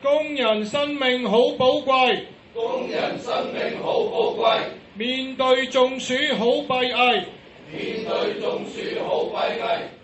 工人生命好寶貴，工人生命好寶貴，面對中暑好閉翳，面對中暑好閉翳。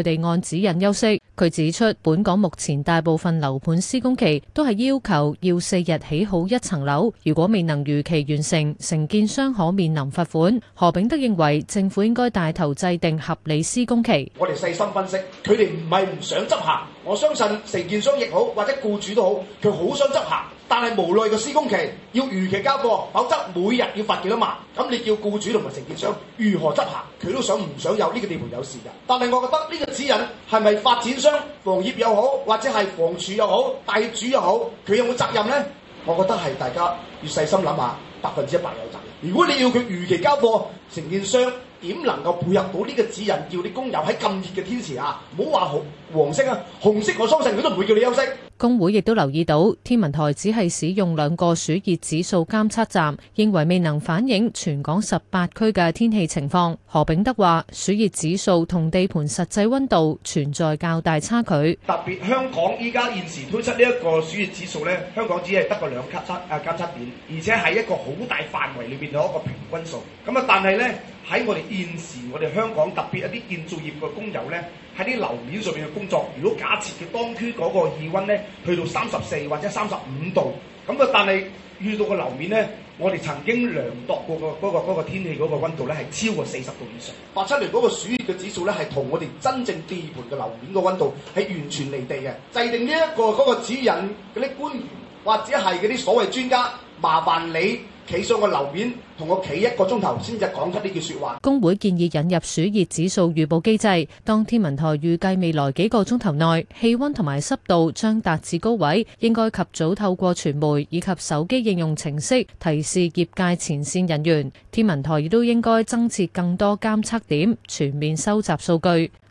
佢哋按指引休息。佢指出，本港目前大部分樓盤施工期都係要求要四日起好一層樓，如果未能如期完成，承建商可面臨罰款。何炳德認為政府應該帶頭制定合理施工期。我哋細心分析，佢哋唔係唔想執行，我相信承建商亦好或者僱主都好，佢好想執行，但係無奈個施工期要如期交貨，否則每日要罰幾多萬，咁你叫僱主同埋承建商如何執行？佢都想唔想有呢個地盤有事噶？但係我覺得呢個指引係咪發展商？房業又好，或者係房署又好，大業主又好，佢有冇責任咧？我覺得係大家要細心諗下，百分之一百有責任。如果你要佢如期交貨，承建商。點能夠配合到呢個指引，叫啲工友喺咁熱嘅天時啊？唔好話紅黃色啊，紅色我相信佢都唔會叫你休息。工會亦都留意到天文台只係使用兩個暑熱指數監測站，認為未能反映全港十八區嘅天氣情況。何炳德話：暑熱指數同地盤實際温度存在較大差距。特別香港依家現時推出呢一個暑熱指數呢，香港只係得個兩級測啊監測點，而且係一個好大範圍裏邊有一個平均數。咁啊，但係呢喺我哋。現時我哋香港特別一啲建造業嘅工友咧，喺啲樓面上面嘅工作，如果假設嘅當區嗰個氣温咧，去到三十四或者三十五度，咁嘅但係遇到個樓面咧，我哋曾經量度過、嗰個嗰、嗰個嗰個天氣嗰個温度咧，係超過四十度以上，發出嚟嗰個暑熱嘅指數咧，係同我哋真正地盤嘅樓面嘅温度係完全離地嘅。制定呢、呢、一個嗰、嗰個指引，嗰啲官員或者係嗰啲所謂專家，麻煩你，企上個樓面同我企一個鐘頭先至講出呢句説話。工會建議引入暑熱指數預報機制，當天文台預計未來幾個鐘頭內氣溫同埋濕度將達至高位，應該及早透過傳媒以及手機應用程式提示業界前線人員。天文台亦都應該增設更多監測點，全面收集數據。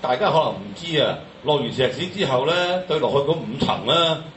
大家可能唔知啊，落完石屎之後咧，對落去嗰五層咧，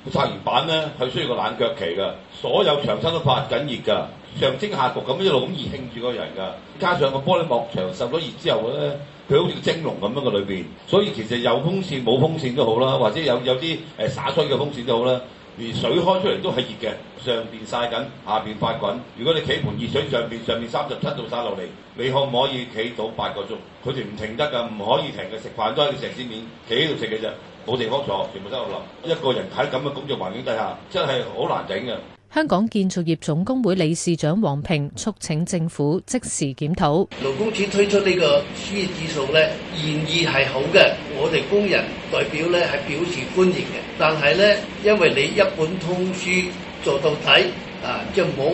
佢拆完板咧，係需要個冷腳期㗎。所有牆身都發緊熱㗎，上蒸下焗咁一路咁熱㷫住個人㗎。加上個玻璃幕牆受咗熱之後咧，佢好似蒸籠咁樣嘅裏邊。所以其實有風扇冇風扇都好啦，或者有有啲誒灑水嘅風扇都好啦。連水開出嚟都係熱嘅，上邊曬緊，下邊發滾。如果你企盤熱水上邊，上邊三十七度曬落嚟，你可唔可以企到八個鐘？佢哋唔停得㗎，唔可以停嘅。食飯都喺石屎面企喺度食嘅啫，冇地方坐，全部都喺度諗。一個人喺咁嘅工作環境底下，真係好難頂㗎。香港建造業總工會理事長黃平促請政府即時檢討，勞工處推出呢個暑熱指數咧，原意係好嘅，我哋工人代表咧係表示歡迎嘅。但係咧，因為你一本通書做到底啊，就冇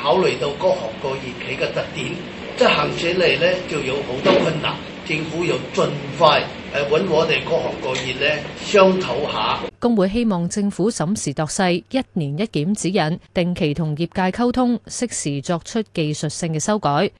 考慮到各行各業嘅特點，即行起嚟咧就有好多困難。政府又盡快。誒揾我哋各行各業咧，商討下。工會希望政府審時度勢，一年一檢指引，定期同業界溝通，適時作出技術性嘅修改。